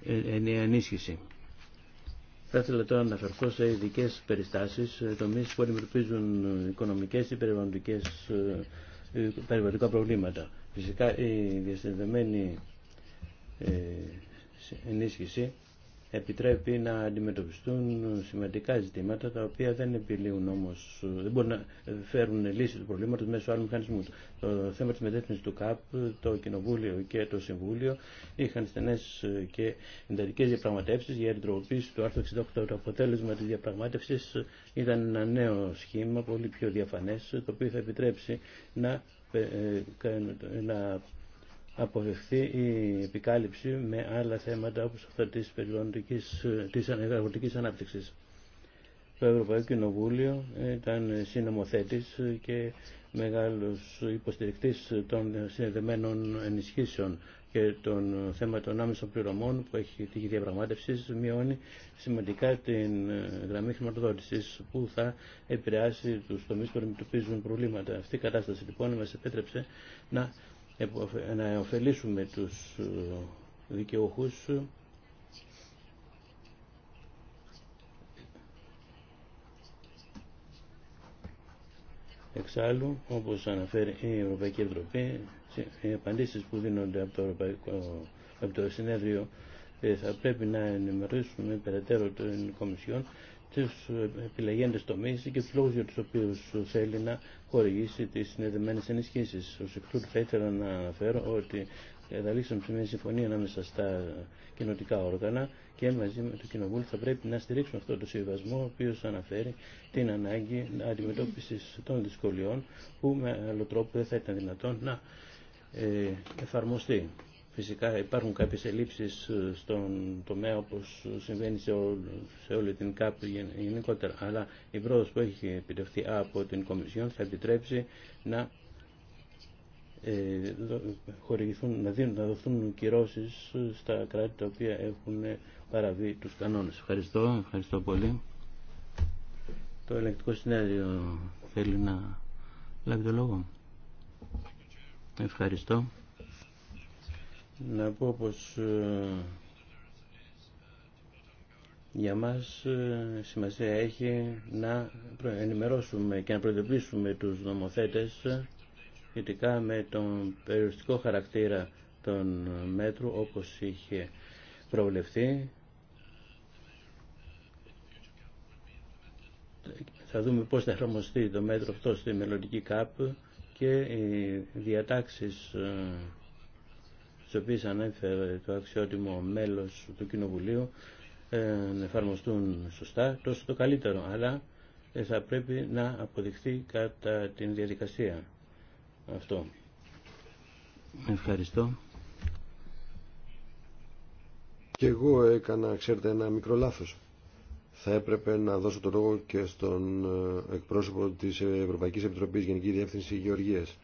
ε, ενίσχυση. Θα ήθελα τώρα να αναφερθώ σε ειδικέ περιστάσει, ε, τομεί που αντιμετωπίζουν ε, οικονομικέ ή ε, περιβαλλοντικά προβλήματα. Φυσικά η διασυνδεμένη ενίσχυση επιτρέπει να αντιμετωπιστούν σημαντικά ζητήματα τα οποία δεν επιλύουν όμως, δεν μπορούν να φέρουν λύση του προβλήματο μέσω άλλου μηχανισμού. Το θέμα της μετέθυνσης του ΚΑΠ, το Κοινοβούλιο και το Συμβούλιο είχαν στενές και εντατικέ διαπραγματεύσεις για τροποποίηση του άρθρου 68. Το αποτέλεσμα τη διαπραγμάτευση ήταν ένα νέο σχήμα, πολύ πιο διαφανέ, το οποίο θα επιτρέψει να, ε, ε, να αποδεχθεί η επικάλυψη με άλλα θέματα όπως αυτά της περιβαλλοντικής, ανάπτυξη. Το Ευρωπαϊκό Κοινοβούλιο ήταν συνομοθέτης και μεγάλος υποστηρικτής των συνεδεμένων ενισχύσεων και των θέματων άμεσων πληρωμών που έχει τύχει διαπραγμάτευση μειώνει σημαντικά την γραμμή χρηματοδότηση που θα επηρεάσει του τομεί που αντιμετωπίζουν προβλήματα. Αυτή η κατάσταση λοιπόν μα επέτρεψε να να ωφελήσουμε τους ε, δικαιούχους Εξάλλου, όπως αναφέρει η Ευρωπαϊκή Ευρωπή οι απαντήσεις που δίνονται από το, Ευρωπαϊκό, Συνέδριο ε, θα πρέπει να ενημερώσουμε περαιτέρω των Κομισιόν τους επιλεγέντες τομείς και τους λόγους για τους οποίους θέλει να χορηγήσει τις συνδεδεμένες ενισχύσεις. Ο εκ θα ήθελα να αναφέρω ότι καταλήξαμε σε μια συμφωνία ανάμεσα στα κοινωτικά όργανα και μαζί με το Κοινοβούλιο θα πρέπει να στηρίξουμε αυτό το συμβασμό, ο οποίο αναφέρει την ανάγκη αντιμετώπισης των δυσκολιών που με άλλο τρόπο δεν θα ήταν δυνατόν να ε, εφαρμοστεί. Φυσικά υπάρχουν κάποιες ελλείψεις ε, στον τομέα όπως συμβαίνει σε, σε όλη την ΚΑΠ γενικότερα. Αλλά η πρόοδος που έχει επιτευχθεί από την Κομισιόν θα επιτρέψει να ε, χορηγηθούν, να, δίνουν, να δοθούν κυρώσεις ε, στα κράτη τα οποία έχουν παραβεί τους κανόνες. Ευχαριστώ, ευχαριστώ πολύ. Το ελεκτικό συνέδριο θέλει να λάβει το λόγο. Ευχαριστώ να πω πως ε, για μας ε, σημασία έχει να ενημερώσουμε και να προειδοποιήσουμε τους νομοθέτες σχετικά με τον περιοριστικό χαρακτήρα των μέτρων όπως είχε προβλεφθεί. Θα δούμε πώς θα εφαρμοστεί το μέτρο αυτό στη μελλοντική ΚΑΠ και οι διατάξεις ε, τις οποίες ανέφερε το αξιότιμο μέλος του Κοινοβουλίου ε, να εφαρμοστούν σωστά, τόσο το καλύτερο, αλλά ε, θα πρέπει να αποδειχθεί κατά την διαδικασία αυτό. Ευχαριστώ. Και εγώ έκανα, ξέρετε, ένα μικρό λάθος. Θα έπρεπε να δώσω το λόγο και στον ε, εκπρόσωπο της Ευρωπαϊκής Επιτροπής Γενική Διεύθυνση Γεωργίας.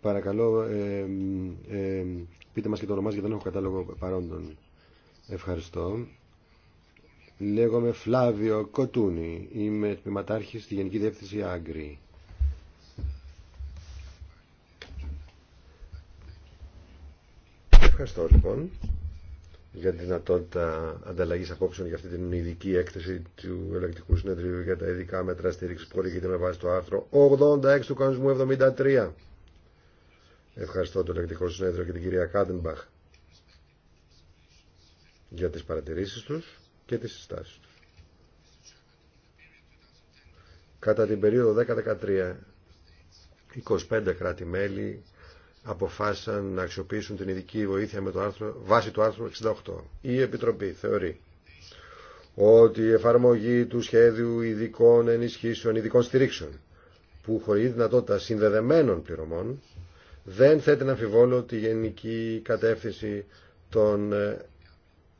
Παρακαλώ, ε, ε, πείτε μας και το όνομά γιατί δεν έχω κατάλογο παρόντων. Ευχαριστώ. Λέγομαι Φλάβιο Κοτούνη. Είμαι τμήματάρχης στη Γενική Διεύθυνση Άγκρη. Ευχαριστώ λοιπόν για τη δυνατότητα ανταλλαγή απόψεων για αυτή την ειδική έκθεση του Ελεκτικού Συνεδρίου για τα ειδικά μέτρα στήριξη που χορηγείται με βάση το άρθρο 86 του κανονισμού 73 Ευχαριστώ τον Ελεκτικό Συνέδριο και την κυρία Κάντεμπαχ για τις παρατηρήσεις τους και τις συστάσεις τους. Κατά την περίοδο 10-13, 25 κράτη-μέλη αποφάσισαν να αξιοποιήσουν την ειδική βοήθεια με το άρθρο, βάσει του άρθρου 68. Η Επιτροπή θεωρεί ότι η εφαρμογή του σχέδιου ειδικών ενισχύσεων, ειδικών στηρίξεων, που χωρίζει δυνατότητα συνδεδεμένων πληρωμών, δεν θέτει να αμφιβόλω τη γενική κατεύθυνση των ε,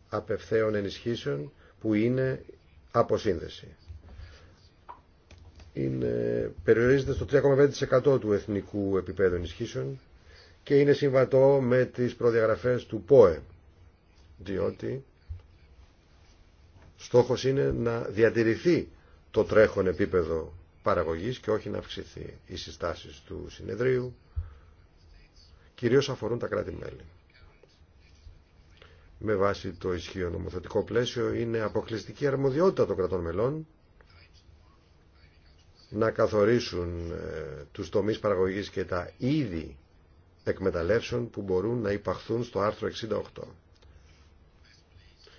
απευθέων ενισχύσεων που είναι αποσύνδεση. Είναι, περιορίζεται στο 3,5% του εθνικού επίπεδου ενισχύσεων και είναι συμβατό με τις προδιαγραφές του ΠΟΕ, διότι στόχος είναι να διατηρηθεί το τρέχον επίπεδο παραγωγής και όχι να αυξηθεί οι συστάσεις του συνεδρίου κυρίως αφορούν τα κράτη-μέλη. Με βάση το ισχύον νομοθετικό πλαίσιο είναι αποκλειστική αρμοδιότητα των κρατών μελών να καθορίσουν ε, τους τομείς παραγωγής και τα είδη εκμεταλλεύσεων που μπορούν να υπαχθούν στο άρθρο 68.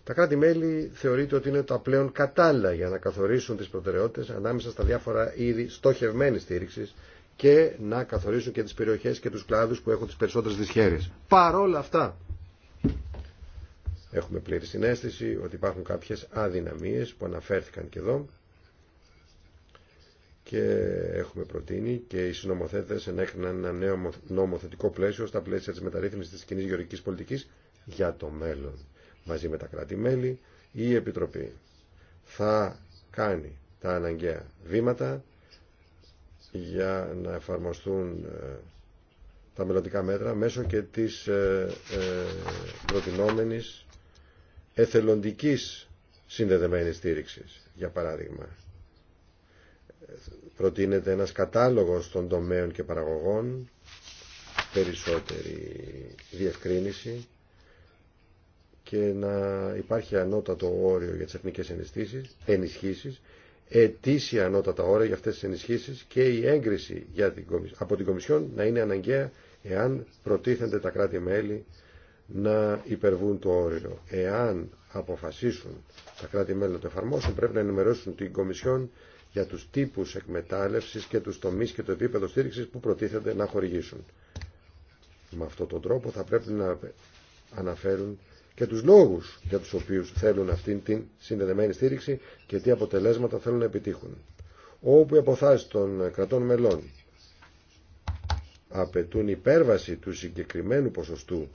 Τα κράτη-μέλη θεωρείται ότι είναι τα πλέον κατάλληλα για να καθορίσουν τις προτεραιότητες ανάμεσα στα διάφορα είδη στοχευμένης στήριξης και να καθορίσουν και τις περιοχές και τους κλάδους που έχουν τις περισσότερες δυσχέρειες. Παρόλα αυτά, έχουμε πλήρη συνέστηση ότι υπάρχουν κάποιες αδυναμίες που αναφέρθηκαν και εδώ και έχουμε προτείνει και οι συνομοθέτες ενέκριναν ένα νέο νομοθετικό πλαίσιο στα πλαίσια της μεταρρύθμισης της κοινή γεωργικής πολιτικής για το μέλλον. Μαζί με τα κράτη-μέλη η Επιτροπή θα κάνει τα αναγκαία βήματα για να εφαρμοστούν ε, τα μελλοντικά μέτρα μέσω και της ε, ε, προτινόμενης εθελοντικής συνδεδεμένης στήριξης, για παράδειγμα. Προτείνεται ένας κατάλογος των τομέων και παραγωγών, περισσότερη διευκρίνηση και να υπάρχει ανώτατο όριο για τις εθνικές ενισχύσεις ετήσια ανώτατα ώρα για αυτές τις ενισχύσεις και η έγκριση για την, από την Κομισιόν να είναι αναγκαία εάν προτίθενται τα κράτη-μέλη να υπερβούν το όριο. Εάν αποφασίσουν τα κράτη-μέλη να το εφαρμόσουν, πρέπει να ενημερώσουν την Κομισιόν για τους τύπους εκμετάλλευσης και τους τομείς και το επίπεδο στήριξης που προτίθενται να χορηγήσουν. Με αυτόν τον τρόπο θα πρέπει να αναφέρουν και τους λόγους για τους οποίους θέλουν αυτήν την συνδεδεμένη στήριξη και τι αποτελέσματα θέλουν να επιτύχουν. Όπου οι αποθάσεις των κρατών μελών απαιτούν υπέρβαση του συγκεκριμένου ποσοστού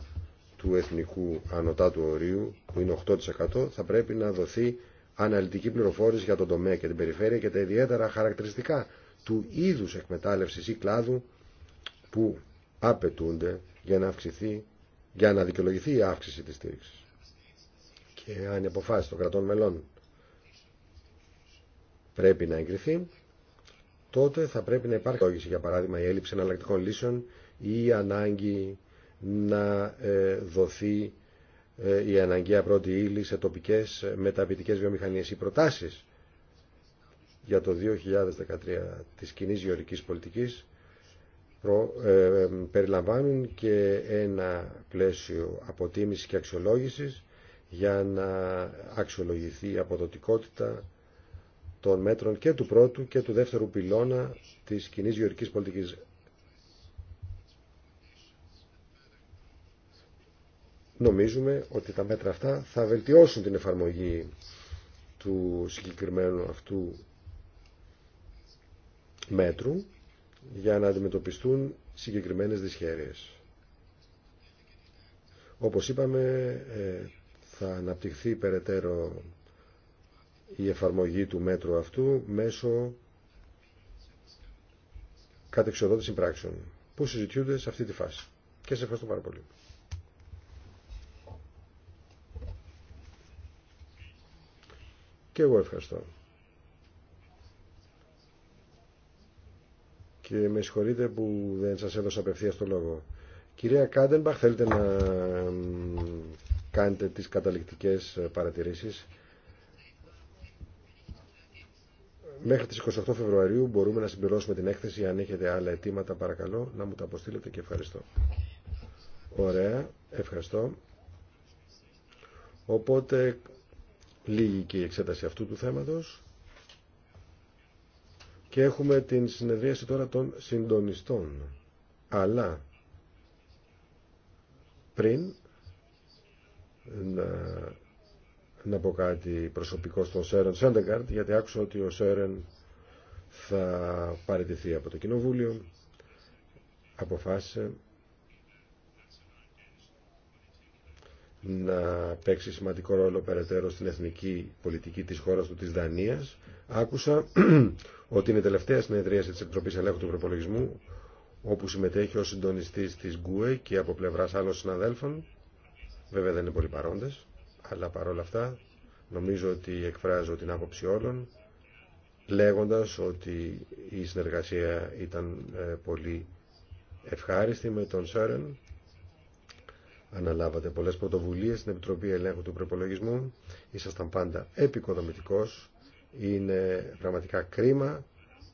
του εθνικού ανωτάτου ορίου, που είναι 8%, θα πρέπει να δοθεί αναλυτική πληροφόρηση για τον τομέα και την περιφέρεια και τα ιδιαίτερα χαρακτηριστικά του είδους εκμετάλλευσης ή κλάδου που απαιτούνται για να αυξηθεί για να δικαιολογηθεί η αύξηση της στήριξης. Και αν η αποφάση των κρατών μελών πρέπει να εγκριθεί, τότε θα πρέπει να υπάρχει λόγηση, για παράδειγμα, η έλλειψη εναλλακτικών λύσεων ή η ανάγκη να ε, δοθεί ε, η αναγκαία πρώτη ύλη σε τοπικές μεταπητικές βιομηχανίες. ή προτάσεις για το 2013 της κοινή γεωρικής πολιτικής ε, περιλαμβάνουν και ένα πλαίσιο αποτίμησης και αξιολόγησης για να αξιολογηθεί η αποδοτικότητα των μέτρων και του πρώτου και του δεύτερου πυλώνα της κοινή γεωρικής πολιτικής. Νομίζουμε ότι τα μέτρα αυτά θα βελτιώσουν την εφαρμογή του συγκεκριμένου αυτού μέτρου για να αντιμετωπιστούν συγκεκριμένες δυσχέρειες. Όπως είπαμε, ε, θα αναπτυχθεί περαιτέρω η εφαρμογή του μέτρου αυτού μέσω κατεξοδότηση πράξεων που συζητιούνται σε αυτή τη φάση. Και σε ευχαριστώ πάρα πολύ. Και εγώ ευχαριστώ. και με συγχωρείτε που δεν σας έδωσα απευθεία το λόγο. Κυρία Κάντεμπαχ, θέλετε να κάνετε τις καταληκτικές παρατηρήσεις. Μέχρι τις 28 Φεβρουαρίου μπορούμε να συμπληρώσουμε την έκθεση. Αν έχετε άλλα αιτήματα, παρακαλώ, να μου τα αποστείλετε και ευχαριστώ. Ωραία, ευχαριστώ. Οπότε, λίγη και η εξέταση αυτού του θέματος και έχουμε την συνεδρίαση τώρα των συντονιστών. Αλλά πριν να, να πω κάτι προσωπικό στον Σέρεν Σέντεγκαρτ γιατί άκουσα ότι ο Σέρεν θα παραιτηθεί από το Κοινοβούλιο αποφάσισε να παίξει σημαντικό ρόλο περαιτέρω στην εθνική πολιτική της χώρας του της Δανίας. Άκουσα [CLEARS THROAT] ότι είναι τελευταία συνεδρίαση της Επιτροπής Ελέγχου του Προπολογισμού όπου συμμετέχει ο συντονιστής της ΓΚΟΕ και από πλευράς άλλων συναδέλφων. Βέβαια δεν είναι πολύ παρόντες, αλλά παρόλα αυτά νομίζω ότι εκφράζω την άποψη όλων λέγοντας ότι η συνεργασία ήταν ε, πολύ ευχάριστη με τον Σέρεν Αναλάβατε πολλές πρωτοβουλίες στην Επιτροπή Ελέγχου του Προπολογισμού. Ήσασταν πάντα επικοδομητικός. Είναι πραγματικά κρίμα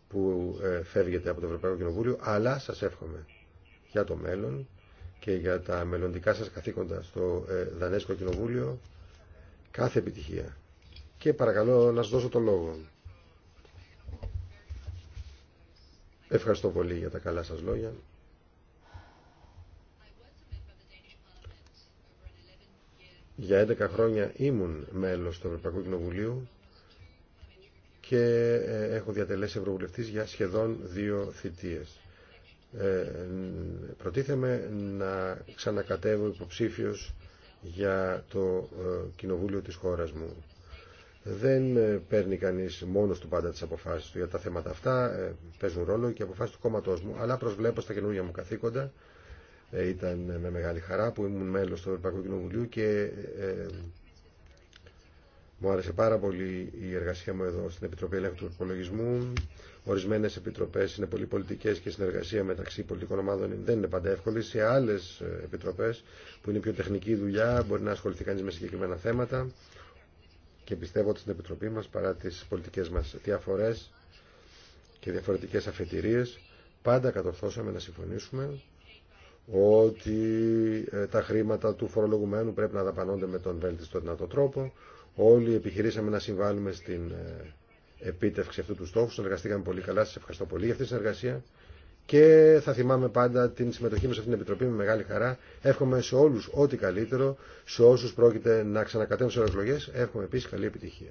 που ε, φεύγετε από το Ευρωπαϊκό Κοινοβούλιο, αλλά σας εύχομαι για το μέλλον και για τα μελλοντικά σας καθήκοντα στο ε, Δανέσκο Κοινοβούλιο κάθε επιτυχία. Και παρακαλώ να σας δώσω το λόγο. Ευχαριστώ πολύ για τα καλά σας λόγια. Για 11 χρόνια ήμουν μέλος του Ευρωπαϊκού Κοινοβουλίου και ε, έχω διατελέσει ευρωβουλευτής για σχεδόν δύο θητείες. Ε, προτίθεμαι να ξανακατεύω υποψήφιος για το ε, κοινοβούλιο της χώρας μου. Δεν ε, παίρνει κανείς μόνος του πάντα τις αποφάσεις του για τα θέματα αυτά, παίζουν ρόλο και οι αποφάσεις του κόμματός μου, αλλά προσβλέπω στα καινούργια μου καθήκοντα ε, ήταν ε, με μεγάλη χαρά που ήμουν μέλος του Ευρωπαϊκού Κοινοβουλίου και ε, μου άρεσε πάρα πολύ η εργασία μου εδώ στην Επιτροπή Ελέγχου του Υπολογισμού. Ορισμένε επιτροπέ είναι πολύ πολιτικέ και η συνεργασία μεταξύ πολιτικών ομάδων δεν είναι πάντα εύκολη. Σε άλλε επιτροπέ που είναι πιο τεχνική δουλειά μπορεί να ασχοληθεί κανεί με συγκεκριμένα θέματα και πιστεύω ότι στην Επιτροπή μα παρά τι πολιτικέ μα διαφορέ και διαφορετικέ αφετηρίε πάντα κατορθώσαμε να συμφωνήσουμε ότι ε, τα χρήματα του φορολογουμένου πρέπει να δαπανώνται με τον βέλτιστο δυνατό τρόπο. Όλοι επιχειρήσαμε να συμβάλλουμε στην ε, επίτευξη αυτού του στόχου. Συνεργαστήκαμε πολύ καλά. Σα ευχαριστώ πολύ για αυτή τη συνεργασία. Και θα θυμάμαι πάντα την συμμετοχή μας σε αυτήν την επιτροπή με μεγάλη χαρά. Εύχομαι σε όλου ό,τι καλύτερο. Σε όσου πρόκειται να ξανακατέμψουν εκλογέ, εύχομαι επίση καλή επιτυχία.